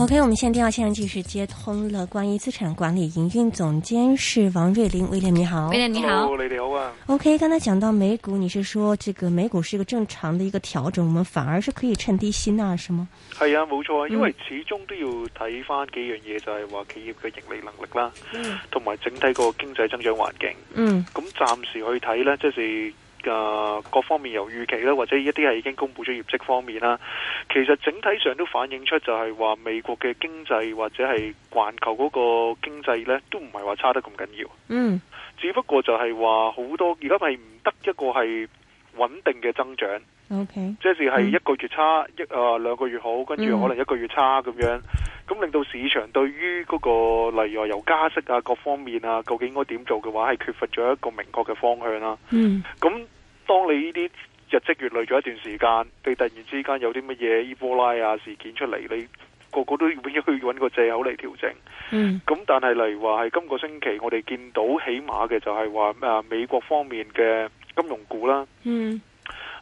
OK，我們現電話現在即時接通了，關於資產管理營運總監是王瑞麟。威廉你好，威廉你好，你好啊。OK，剛才講到美股，你是說這個美股是一個正常的一個調整，我們反而是可以趁低吸納，是嗎？係啊，冇錯啊，因為始終都要睇翻幾樣嘢，就係話企業嘅盈利能力啦，嗯，同埋整體個經濟增長環境，嗯，咁暫時去睇呢，即是。嘅、呃、各方面由預期啦，或者一啲係已經公布咗業績方面啦，其實整體上都反映出就係話美國嘅經濟或者係環球嗰個經濟呢都唔係話差得咁緊要。嗯，只不過就係話好多而家係唔得一個係穩定嘅增長。即係係一個月差、嗯、一啊、呃、兩個月好，跟住可能一個月差咁樣，咁令到市場對於嗰、那個例如話由加息啊各方面啊，究竟應該點做嘅話，係缺乏咗一個明確嘅方向啦、啊。嗯，咁。當你呢啲日積月累咗一段時間，你突然之間有啲乜嘢伊波拉啊事件出嚟，你個個都要去搵個借口嚟調整。嗯，咁但係例如話係今個星期我哋見到起碼嘅就係話誒美國方面嘅金融股啦、啊，嗯，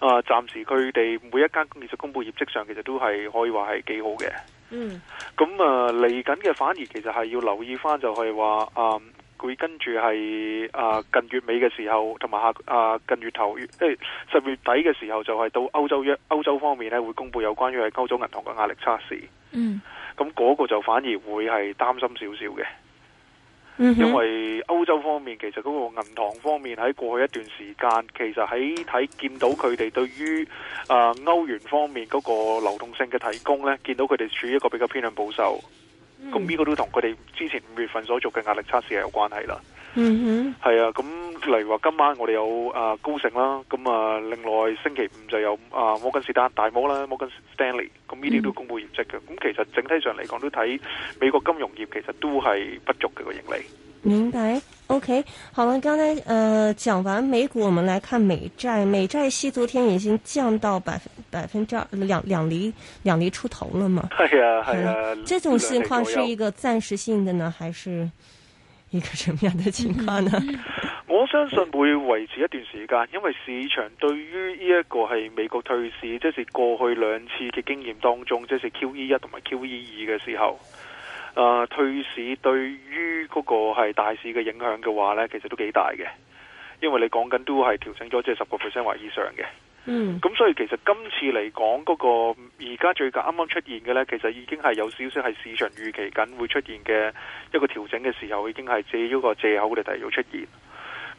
啊暫時佢哋每一間公司公布業績上其實都係可以話係幾好嘅，嗯，咁啊嚟緊嘅反而其實係要留意翻就係話啊。佢跟住係啊近月尾嘅時候，同埋下啊近月頭，即係十月底嘅時候就，就係到歐洲一歐洲方面咧，會公布有關於係歐洲銀行嘅壓力測試。嗯，咁嗰個就反而會係擔心少少嘅。嗯，因為歐洲方面其實嗰個銀行方面喺過去一段時間，其實喺睇見到佢哋對於啊歐元方面嗰個流動性嘅提供咧，見到佢哋處於一個比較偏向保守。咁呢個都同佢哋之前五月份所做嘅壓力測試係有關係啦。嗯哼，係啊。咁例如話今晚我哋有啊高盛啦，咁啊另外星期五就有啊摩根士丹大摩啦，摩根士丹利，咁呢啲都公布業績嘅。咁其實整體上嚟講都睇美國金融業其實都係不足嘅個盈利。明白。O、okay, K，好了，剛才，呃，講完美股，我們來看美債。美債息昨天已經降到百分百分之二兩兩厘兩厘出頭了嘛係啊係、嗯、啊。這種情況是一個暫時性的呢，還是一個什麼樣的情況呢？ 我相信會維持一段時間，因為市場對於呢一個係美國退市，即、就是過去兩次嘅經驗當中，即、就是 Q E 一同埋 Q E 二嘅時候。Uh, 退市對於嗰個係大市嘅影響嘅話呢，其實都幾大嘅，因為你講緊都係調整咗即係十個 percent 或以上嘅。嗯，咁所以其實今次嚟講嗰個而家最近啱啱出現嘅呢，其實已經係有少少係市場預期緊會出現嘅一個調整嘅時候，已經係借咗個借口嚟提早出現。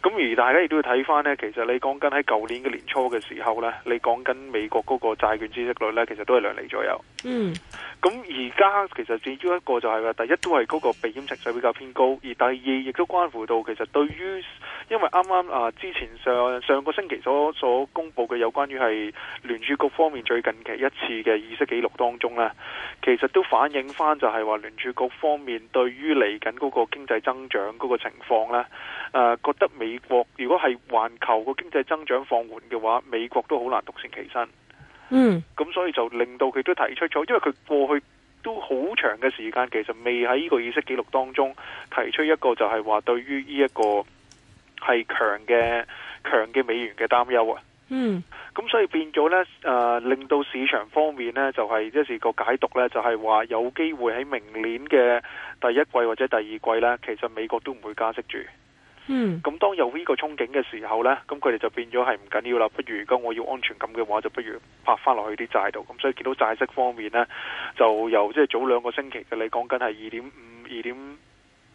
咁而大家亦都要睇翻，呢。其實你講緊喺舊年嘅年初嘅時候呢，你講緊美國嗰個債券孳息率呢，其實都係兩厘左右。嗯，咁而家其實主要一個就係話，第一都係嗰個避險情緒比較偏高，而第二亦都關乎到其實對於，因為啱啱啊之前上上個星期所所公佈嘅有關於係聯儲局方面最近期一次嘅議息記錄當中呢，其實都反映翻就係話聯儲局方面對於嚟緊嗰個經濟增長嗰個情況呢。誒、啊，覺得美國如果係環球個經濟增長放緩嘅話，美國都好難獨善其身。嗯，咁所以就令到佢都提出咗，因為佢過去都好長嘅時間，其實未喺呢個議息紀錄當中提出一個就係話對於呢一個係強嘅強嘅美元嘅擔憂啊。嗯，咁所以變咗呢，誒、呃，令到市場方面呢，就係即係個解讀呢，就係、是、話有機會喺明年嘅第一季或者第二季呢，其實美國都唔會加息住。嗯，咁當有呢個憧憬嘅時候呢，咁佢哋就變咗係唔緊要啦，不如咁我要安全感嘅話，就不如拍翻落去啲債度。咁所以見到債息方面呢，就由即係早兩個星期嘅你講緊係二點五、二點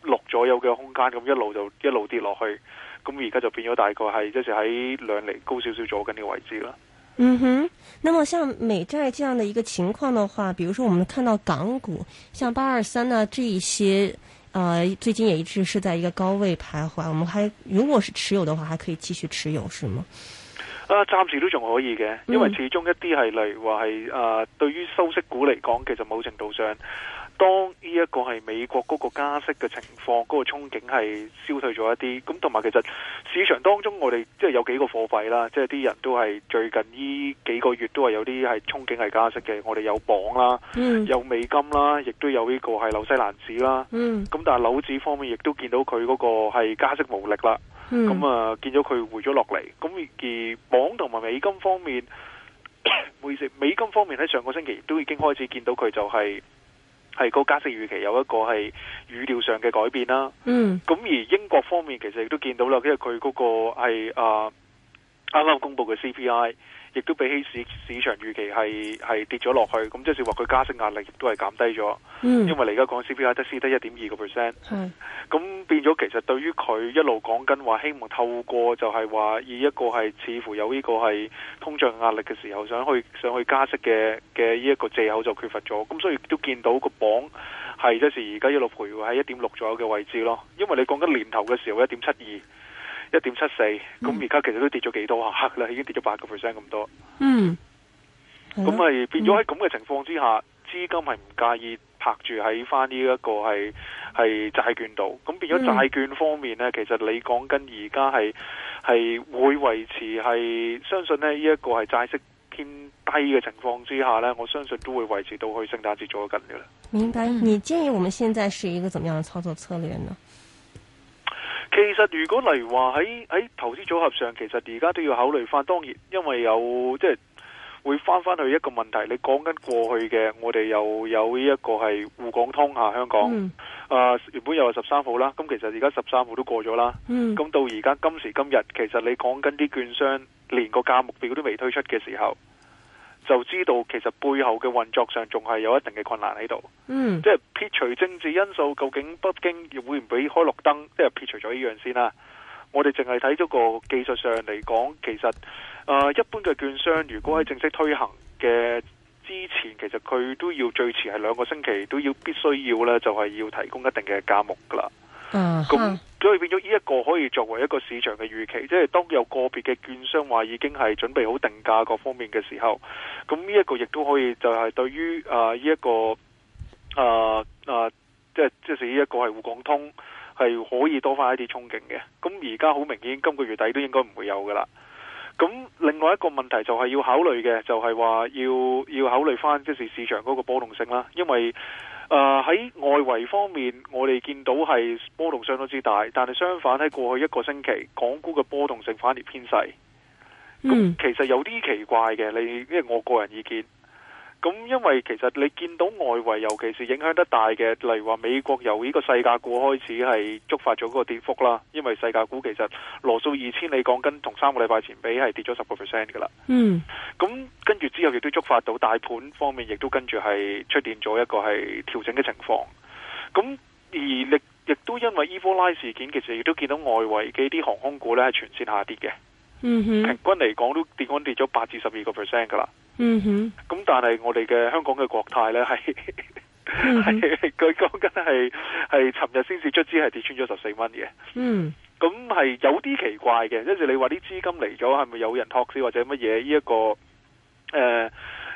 六左右嘅空間，咁一路就一路跌落去。咁而家就變咗大概係即係喺兩厘高少少左近嘅位置啦。嗯哼，那麼像美債這樣的一個情況的話，比如說我們看到港股，像八二三呢，這一些。呃，最近也一直是在一個高位徘徊。我們還如果是持有的話，還可以繼續持有，是嗎？暫時都仲可以嘅，因為始終一啲係例如話係對於收息股嚟講，其實某程度上。當呢一個係美國嗰個加息嘅情況，嗰、那個憧憬係消退咗一啲，咁同埋其實市場當中我，我哋即係有幾個貨幣啦，即係啲人都係最近呢幾個月都係有啲係憧憬係加息嘅。我哋有鎊啦、嗯，有美金啦，亦都有呢個係紐西蘭紙啦。咁、嗯、但係紐紙方面，亦都見到佢嗰個係加息無力啦。咁、嗯、啊，見咗佢回咗落嚟。咁而鎊同埋美金方面， 唔好意思，美金方面喺上個星期都已經開始見到佢就係、是。係、個加息預期有一個係語調上嘅改變啦。嗯，咁而英國方面其實亦都見到啦，因為佢嗰個係啊啱啱公布嘅 CPI。亦都比起市市場預期係係跌咗落去，咁即是話佢加息壓力亦都係減低咗、嗯，因為嚟而家講 CPI 得低一點二個 percent，咁變咗其實對於佢一路講緊話希望透過就係話以一個係似乎有呢個係通脹壓力嘅時候，想去想去加息嘅嘅呢一個借口就缺乏咗，咁所以都見到個榜係即係而家一路徘徊喺一點六左右嘅位置咯，因為你講緊年頭嘅時候一點七二。一點七四，咁而家其實都跌咗幾多下啦、嗯，已經跌咗八個 percent 咁多。嗯，咁咪變咗喺咁嘅情況之下，資、嗯、金係唔介意拍住喺翻呢一個係係債券度。咁變咗債券方面呢，嗯、其實你講緊而家係係會維持係，相信咧呢一、這個係債息偏低嘅情況之下呢，我相信都會維持到去聖誕節做緊嘅噶啦。明白，你建議我們現在是一個怎麼樣嘅操作策略呢？其實如果例如話喺喺投資組合上，其實而家都要考慮翻。當然，因為有即係會翻翻去一個問題，你講緊過去嘅，我哋又有呢一個係滬港通下香港。啊、嗯呃，原本又係十三號啦，咁其實而家十三號都過咗啦。咁、嗯、到而家今時今日，其實你講緊啲券商連個價目表都未推出嘅時候。就知道其實背後嘅運作上仲係有一定嘅困難喺度，嗯，即係撇除政治因素，究竟北京會唔會開綠燈？即係撇除咗呢樣先啦，我哋淨係睇咗個技術上嚟講，其實誒、呃、一般嘅券商如果喺正式推行嘅之前，其實佢都要最遲係兩個星期都要必須要呢，就係、是、要提供一定嘅價目噶啦。嗯，咁所以變咗呢一個可以作為一個市場嘅預期，即係當有個別嘅券商話已經係準備好定價各方面嘅時候，咁呢一個亦都可以就係對於啊呢一個啊啊即係即係呢一個係互港通係可以多翻一啲憧憬嘅。咁而家好明顯，今個月底都應該唔會有噶啦。咁另外一個問題就係要考慮嘅，就係話要要考慮翻，即是市場嗰個波動性啦，因為。誒，喺外圍方面，我哋見到係波動相當之大，但係相反喺過去一個星期，港股嘅波動性反而偏細，咁、嗯、其實有啲奇怪嘅，你因為我個人意見。咁因為其實你見到外圍，尤其是影響得大嘅，例如話美國由呢個細價股開始係觸發咗嗰個跌幅啦。因為細價股其實羅素二千，你講緊同三個禮拜前比係跌咗十個 percent 噶啦。嗯，咁跟住之後亦都觸發到大盤方面，亦都跟住係出現咗一個係調整嘅情況。咁而亦亦都因為伊波拉事件，其實亦都見到外圍嘅啲航空股咧係全線下跌嘅。嗯哼，平均嚟講都跌咁跌咗八至十二個 percent 噶啦。嗯哼，咁但係我哋嘅香港嘅國泰呢，係係佢講緊係係尋日先至出資係跌穿咗十四蚊嘅，嗯，咁係有啲奇怪嘅，跟住你話啲資金嚟咗係咪有人托市或者乜嘢呢一個誒、呃，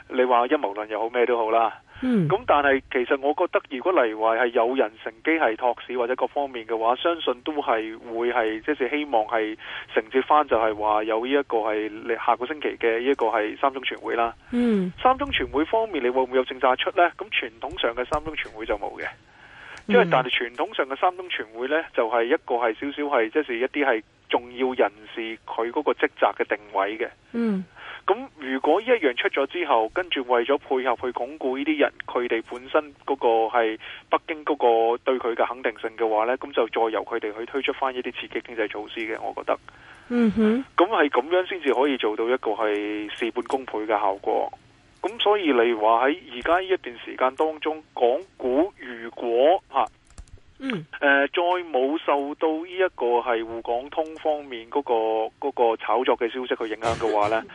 你話陰謀論又好咩都好啦。嗯，咁、嗯、但係其實我覺得，如果嚟話係有人乘機係托市或者各方面嘅話，相信都係會係，即係希望係承接翻，就係話有呢一個係你下個星期嘅呢一個係三中全會啦。嗯，三中全會方面你會唔會有政策出呢？咁傳統上嘅三中全會就冇嘅、嗯，因為但係傳統上嘅三中全會呢，就係、是、一個係少少係，即係一啲係重要人士佢嗰個職責嘅定位嘅。嗯。咁如果呢一樣出咗之後，跟住為咗配合去鞏固呢啲人佢哋本身嗰個係北京嗰個對佢嘅肯定性嘅話呢，咁就再由佢哋去推出翻一啲刺激經濟措施嘅，我覺得。嗯哼。咁係咁樣先至可以做到一個係事半功倍嘅效果。咁所以你話喺而家呢一段時間當中，港股如果吓、啊，嗯，呃、再冇受到呢一個係滬港通方面嗰、嗰個嗰、嗰個炒作嘅消息去影響嘅話呢。嗯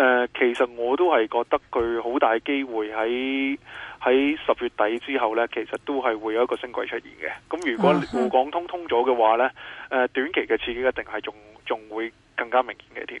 誒、呃，其實我都係覺得佢好大機會喺喺十月底之後呢，其實都係會有一個升季出現嘅。咁如果滬港通通咗嘅話呢，誒、呃，短期嘅刺激一定係仲仲會更加明顯嘅添。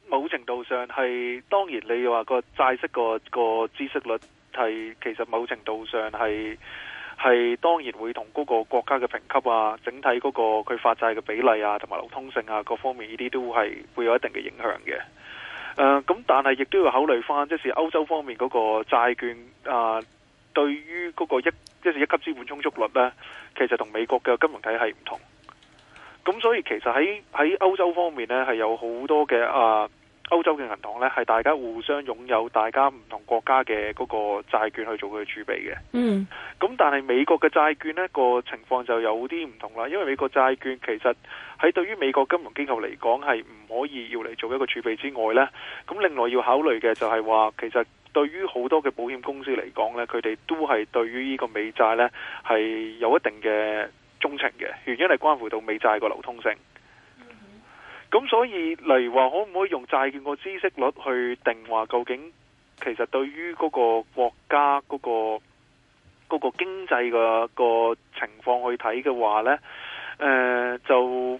某程度上係當然，你話個債息，嗰個個孳息率係其實某程度上係係當然會同嗰個國家嘅評級啊，整體嗰個佢發債嘅比例啊，同埋流通性啊各方面呢啲都係會有一定嘅影響嘅。誒、啊、咁，但係亦都要考慮翻，即、即是歐洲方面嗰個債券啊，對於嗰個一即、即係一級資本充足率呢，其實同美國嘅金融體係唔同。咁所以其實喺喺歐洲方面呢，係有好多嘅啊～歐洲嘅銀行呢，係大家互相擁有，大家唔同國家嘅嗰個債券去做佢嘅儲備嘅。嗯，咁但係美國嘅債券呢個情況就有啲唔同啦，因為美國債券其實喺對於美國金融機構嚟講係唔可以要嚟做一個儲備之外呢。咁另外要考慮嘅就係話，其實對於好多嘅保險公司嚟講呢，佢哋都係對於呢個美債呢係有一定嘅鍾情嘅，原因係關乎到美債個流通性。咁所以，例如話可唔可以用債券個孳息率去定話，究竟其實對於嗰個國家嗰個嗰個經濟嘅個情況去睇嘅話咧，誒就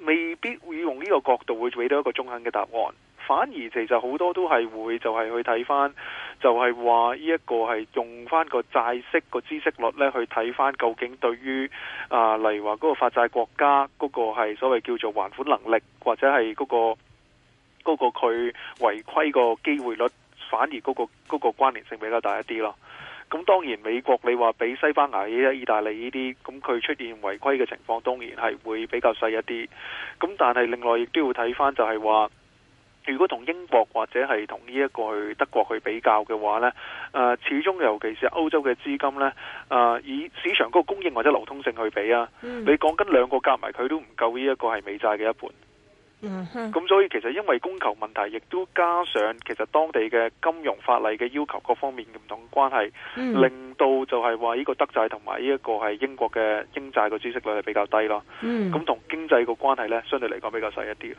未必會用呢個角度會俾到一個中肯嘅答案。反而其實好多都係會就係去睇翻，就係話呢一個係用翻個債息個孳息率呢，去睇翻，究竟對於啊，例如話嗰個發債國家嗰個係所謂叫做還款能力，或者係嗰個嗰個佢違規個機會率，反而嗰個嗰個關聯性比較大一啲咯。咁當然美國你話比西班牙、意大利呢啲，咁佢出現違規嘅情況，當然係會比較細一啲。咁但係另外亦都要睇翻，就係話。如果同英國或者係同呢一個去德國去比較嘅話呢，誒、呃、始終尤其是歐洲嘅資金呢，誒、呃、以市場嗰個供應或者流通性去比啊，嗯、你講緊兩個夾埋佢都唔夠呢一個係美債嘅一半。嗯，咁所以其實因為供求問題，亦都加上其實當地嘅金融法例嘅要求各方面唔同關係，令、嗯、到就係話呢個德債同埋呢一個係英國嘅英債個孳息率係比較低咯。嗯。咁同經濟個關係呢，相對嚟講比較細一啲。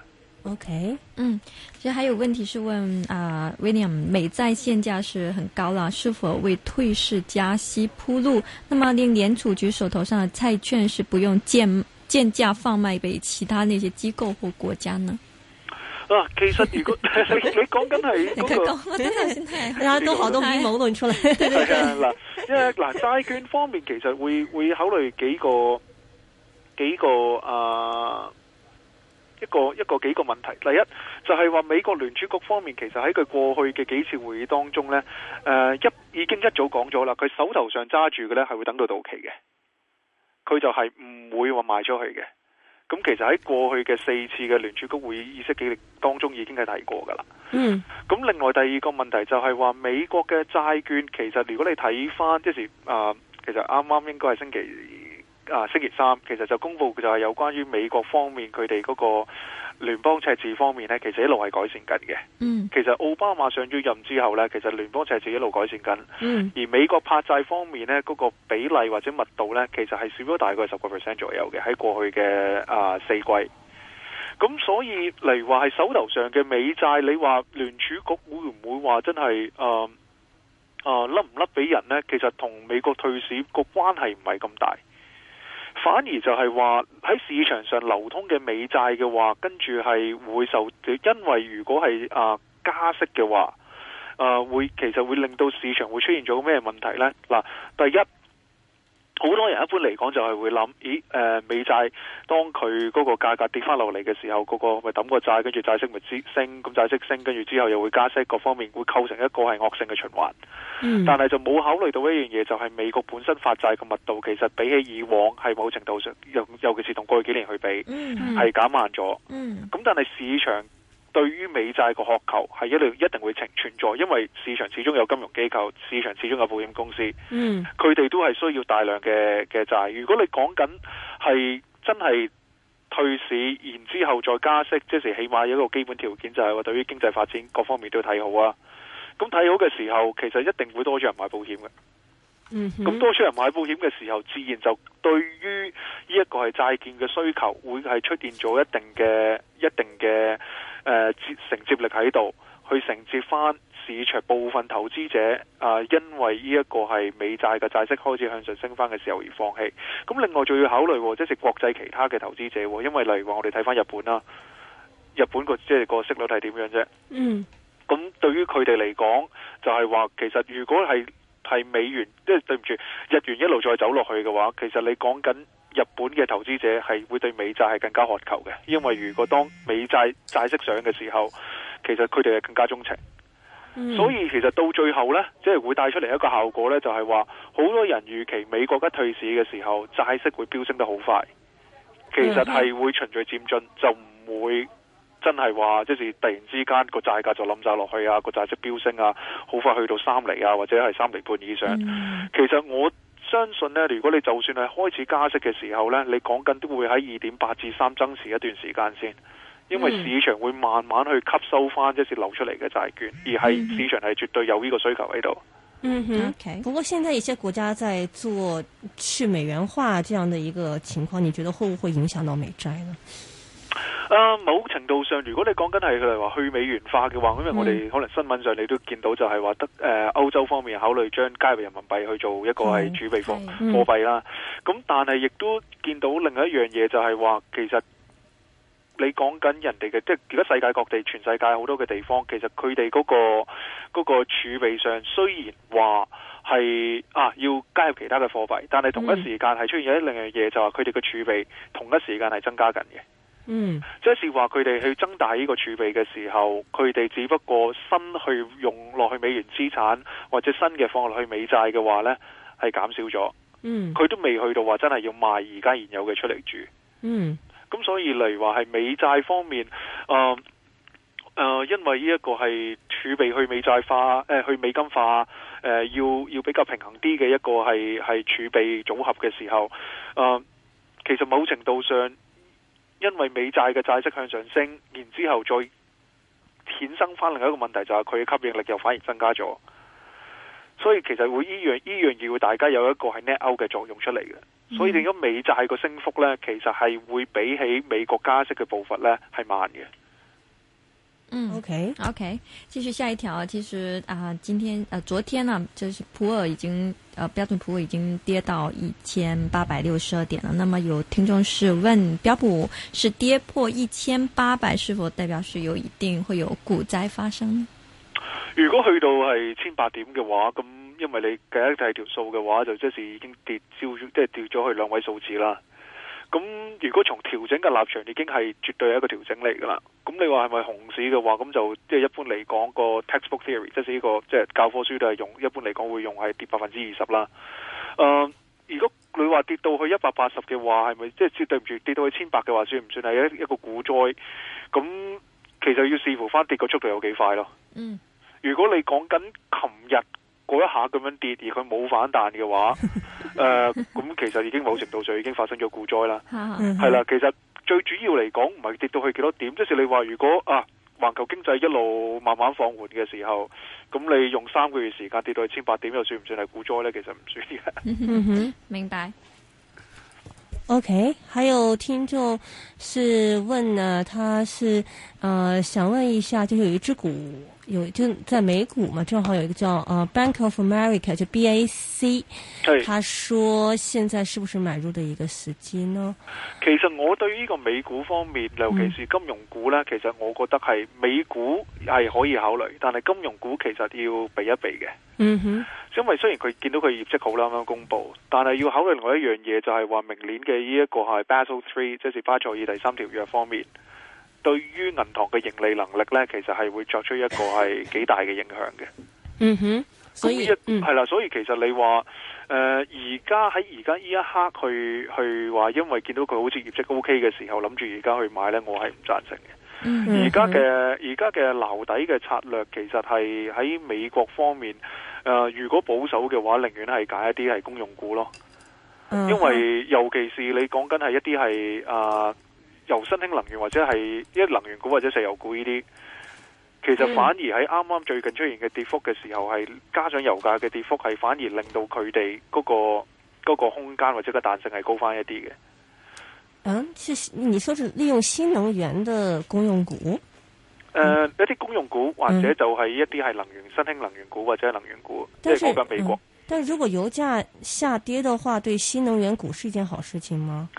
OK，嗯，其實還有問題是問啊、呃、，William，美債現價是很高啦，是否為退市加息鋪路？那麼令聯儲局手頭上的債券是不用賤賤價放賣給其他那些機構或國家呢？啊，其實如果 你你講緊係嗰個，我等陣先睇，阿、啊、 東河都變出嚟。嗱 對對， 因為嗱，債券方面其實會會考慮幾個幾個啊。一個一個幾個問題，第一就係、是、話美國聯儲局方面，其實喺佢過去嘅幾次會議當中呢，誒、呃、一已經一早講咗啦，佢手頭上揸住嘅呢，係會等到到期嘅，佢就係唔會話賣出去嘅。咁其實喺過去嘅四次嘅聯儲局會議議息記錄當中，已經係提過㗎啦。嗯。咁另外第二個問題就係話美國嘅債券，其實如果你睇返即係、呃、其實啱啱應該係星期。啊！星期三，其實就公布就係有關於美國方面佢哋嗰個聯邦赤字方面呢，其實一路係改善緊嘅。嗯，其實奧巴馬上咗任之後呢，其實聯邦赤字一路改善緊、嗯。而美國拍債方面呢，嗰、嗰個比例或者密度呢，其實係少咗大概十個 percent 左右嘅喺過去嘅啊四季。咁所以嚟話係手頭上嘅美債，你話聯儲局會唔會話真係、呃呃、甩唔甩俾人呢？其實同美國退市個關係唔係咁大。反而就係話喺市場上流通嘅美債嘅話，跟住係會受，因為如果係啊加息嘅話，啊會其實會令到市場會出現咗咩問題呢？嗱，第一。好多人一般嚟講就係會諗，咦？誒，美債當佢嗰個價格跌翻落嚟嘅時候，嗰、那個咪抌個債，跟住債息咪升，咁債息升，跟住之後又會加息，各方面會構成一個係惡性嘅循環、嗯。但係就冇考慮到一樣嘢，就係、是、美國本身發債嘅密度，其實比起以往係某程度上，尤尤其是同過去幾年去比，嗯，係減慢咗。咁、嗯、但係市場。對於美債個渴求係一定一定會存在，因為市場始終有金融機構，市場始終有保險公司，嗯，佢哋都係需要大量嘅嘅債。如果你講緊係真係退市，然之後再加息，即是起碼有一個基本條件就係話對於經濟發展各方面都睇好啊。咁睇好嘅時候，其實一定會多咗人買保險嘅。咁多咗人買保險嘅時候，自然就對於呢一個係債券嘅需求，會係出現咗一定嘅一定嘅。誒、呃，承接力喺度，去承接翻市場部分投資者啊、呃，因為呢一個係美債嘅債息開始向上升翻嘅時候而放棄。咁另外仲要考慮、哦，即係國際其他嘅投資者、哦，因為例如話我哋睇翻日本啦、啊，日本個即係個息率係點樣啫？嗯，咁對於佢哋嚟講，就係、是、話其實如果係係美元，即係對唔住日元一路再走落去嘅話，其實你講緊。日本嘅投資者係會對美債係更加渴求嘅，因為如果當美債債息上嘅時候，其實佢哋係更加鍾情、嗯。所以其實到最後咧，即、就、係、是、會帶出嚟一個效果咧，就係話好多人預期美國一退市嘅時候，債息會飆升得好快。其實係會循序漸進，就唔會真係話即是突然之間個債價就冧晒落去啊，個債息飆升啊，好快去到三厘啊，或者係三厘半以上。嗯、其實我。相信呢，如果你就算係開始加息嘅時候呢，你講緊都會喺二點八至三增持一段時間先，因為市場會慢慢去吸收翻即是流出嚟嘅債券，而係市場係絕對有呢個需求喺度。嗯哼 OK，不過現在一些國家在做去美元化這樣的一個情況，你覺得會唔會影響到美債呢？Uh, 某程度上，如果你講緊係佢哋話去美元化嘅話，咁因為我哋可能新聞上你都見到就，就係話得誒歐洲方面考慮將加入人民幣去做一個係儲備貨貨幣啦。咁但係亦都見到另一樣嘢，就係話其實你講緊人哋嘅，即係而家世界各地全世界好多嘅地方，其實佢哋嗰個、嗰個儲備上雖然話係啊要加入其他嘅貨幣，但係同一時間係出現咗另一樣嘢，就係佢哋嘅儲備同一時間係增加緊嘅。嗯，即、就是話佢哋去增大呢個儲備嘅時候，佢哋只不過新去用落去美元資產或者新嘅放落去美債嘅話咧，係減少咗。嗯，佢都未去到話真係要賣而家現有嘅出嚟住。嗯，咁所以嚟話係美債方面，誒、呃、誒、呃，因為呢一個係儲備去美債化，誒、呃、去美金化，誒、呃、要要比較平衡啲嘅一個係係儲備組合嘅時候，誒、呃，其實某程度上。因為美債嘅債息向上升，然之後再衍生翻另一個問題就係、是、佢嘅吸引力又反而增加咗，所以其實會依樣依樣要大家有一個係 net out 嘅作用出嚟嘅，所以如果美債個升幅呢，其實係會比起美國加息嘅步伐呢，係慢嘅。嗯，OK，OK，okay. Okay, 繼續下一條。其實啊，呃，今天，呃，昨天呢，就是普爾已經，呃，標準普爾已經跌到一千八百六十二點了。那麼有聽眾是問，標普是跌破一千八百，是否代表是有一定會有股災發生？如果去到係千八點嘅話，咁因為你計一計條數嘅話，就即是已經跌超，即係掉咗去兩位數字啦。咁如果從調整嘅立場，已經係絕對係一個調整嚟噶啦。咁你話係咪熊市嘅話，咁就即係一般嚟講、個 textbook theory，即係呢個即係、就是、教科書都係用，一般嚟講會用係跌百分之二十啦。嗯、uh，如果你話跌到去一百八十嘅話，係咪即係對唔住跌到去千百嘅話，算唔算係一一個股災？咁其實要視乎翻跌個速度有幾快咯。嗯，如果你講緊琴日。過一下咁樣跌而佢冇反彈嘅話，誒、 呃，咁其實已經某程度上已經發生咗股災啦。係 啦，其實最主要嚟講，唔係跌到去幾多點，即、即係你話如果啊，環球經濟一路慢慢放緩嘅時候，咁你用三個月時間跌到去千八點，又算唔算係股災呢？其實唔算嘅。 明白。OK，還有聽眾。是問呢，他是，呃，想問一下，就有一隻股，有就在美股嘛，正好有一個叫，呃，Bank of America，就 BAC，係，他說現在是不是買入的一個時機呢？其實我對呢個美股方面，尤其是金融股咧，嗯，其實我覺得係美股係可以考慮，但係金融股其實要避一避嘅，嗯哼，因為雖然佢見到佢業績好啦，啱啱公布，但係要考慮另外一樣嘢，就係、是、話明年嘅呢一個係 Basel Three，即是第三條約方面，對於銀行嘅盈利能力呢，其實係會作出一個係幾大嘅影響嘅。嗯哼，所以係啦、嗯，所以其實你話誒，而家喺而家呢一刻去去話，因為見到佢好似業績 OK 嘅時候，諗住而家去買呢，我係唔贊成嘅。而家嘅而家嘅撈底嘅策略，其實係喺美國方面誒、呃，如果保守嘅話，寧願係揀一啲係公用股咯、嗯。因為尤其是你講緊係一啲係啊。呃由新興能源或者係一能源股或者石油股呢啲，其實反而喺啱啱最近出現嘅跌幅嘅時候是，係加上油價嘅跌幅，係反而令到佢哋嗰個、嗰個空間或者個彈性係高返一啲嘅。嗯，你說是利用新能源的公用股，誒、呃，一啲公用股或者就係一啲係能源、嗯、新興能源股或者能源股，即係喺美國。嗯、但如果油價下跌的話，對新能源股是一件好事情嗎？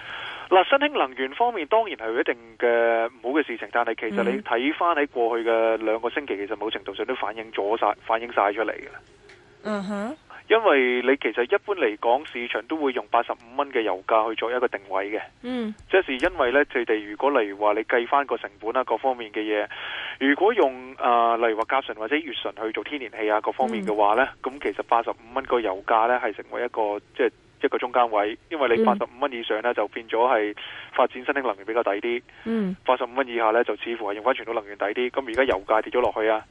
嗱，新興能源方面當然係有一定嘅唔好嘅事情，但係其實你睇翻喺過去嘅兩個星期，mm -hmm. 其實某程度上都反映咗晒，反映晒出嚟嘅。嗯哼，因為你其實一般嚟講，市場都會用八十五蚊嘅油價去做一個定位嘅。嗯，即係因為咧，佢哋如果例如話你計翻個成本啊，各方面嘅嘢，如果用啊，呃，例如話甲醇或者乙醇去做天然氣啊，各方面嘅話咧，咁，mm -hmm. 其實八十五蚊個油價咧係成為一個即係。就是一個中間位，因為你八十五蚊以上呢，嗯、就變咗係發展新興能源比較抵啲，八十五蚊以下呢，就似乎係用翻傳統能源抵啲。咁而家油價跌咗落去啊，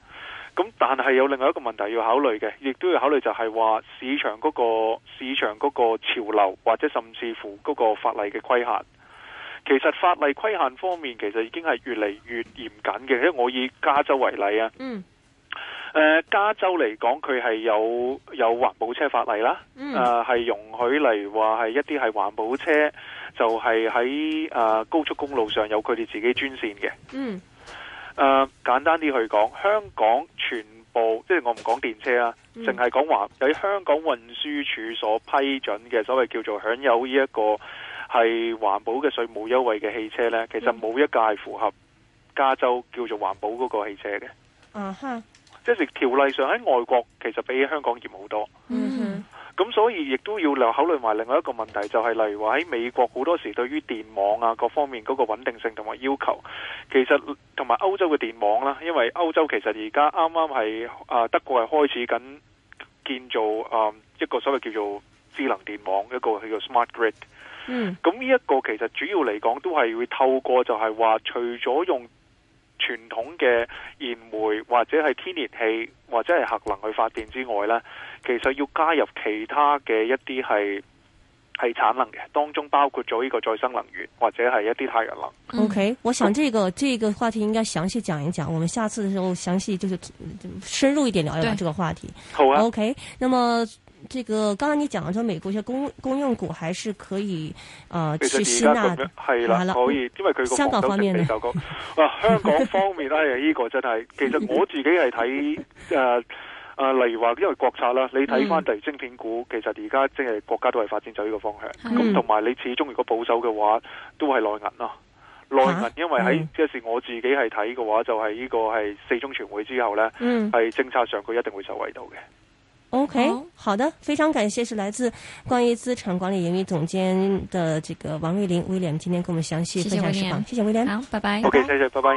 咁但係有另外一個問題要考慮嘅，亦都要考慮就係話市場嗰、嗰個市場嗰個潮流，或者甚至乎嗰個法例嘅規限。其實法例規限方面，其實已經係越嚟越嚴謹嘅。因為我以加州為例啊。嗯呃、加州嚟講，佢係有有環保車法例啦，誒、嗯、係、呃、容許嚟話係一啲係環保車就，就係喺誒高速公路上有佢哋自己專線嘅。嗯，誒、呃、簡單啲去講，香港全部即係我唔講電車啦，淨係講環喺香港運輸署所批准嘅所謂叫做享有呢、這、一個係環保嘅稅務優惠嘅汽車呢，其實冇一架係符合加州叫做環保嗰個汽車嘅。嗯哼。嗯即係條例上喺外國其實比起香港嚴好多、mm-hmm. 咁所以亦都要考慮埋另外一個問題，就係例如話喺美國好多時對於電網啊各方面嗰個穩定性同埋要求，其實同埋歐洲嘅電網啦，因為歐洲其實而家啱啱係誒德國係開始緊建造誒一個所謂叫做智能電網一個叫做 Smart Grid。嗯，咁呢一個其實主要嚟講都係會透過就係話除咗用。傳統嘅燃煤或者係天然氣或者係核能去發電之外呢，其實要加入其他嘅一啲係係產能嘅，當中包括咗呢個再生能源或者係一啲太陽能。OK，我想這個、Oh. 這個話題應該詳細講一講，我們下次的時候詳細就是深入一點聊一聊這個話題。好啊。OK，那麼。這個剛剛你講咗，美國嘅公公用股還是可以，啊、呃，去吸納嘅，係啦，可以，嗯、因為佢香港方面咧，啊，香港方面呢，呢 個真係，其實我自己係睇，誒、啊，啊，例如話因為國策啦，嗯、你睇翻第晶片股，其實而家即係國家都係發展走呢個方向，咁同埋你始終如果保守嘅話，都係內銀啦，內銀因為喺即係我自己係睇嘅話，就係、是、呢個係四中全會之後呢，係、嗯、政策上佢一定會受惠到嘅。OK，oh，好的，非常感謝，是來自關於資產管理營運總監的這個王瑞麟威廉，William，今天跟我們詳細分享時光，謝謝威廉，拜拜。OK，謝謝 William，拜拜。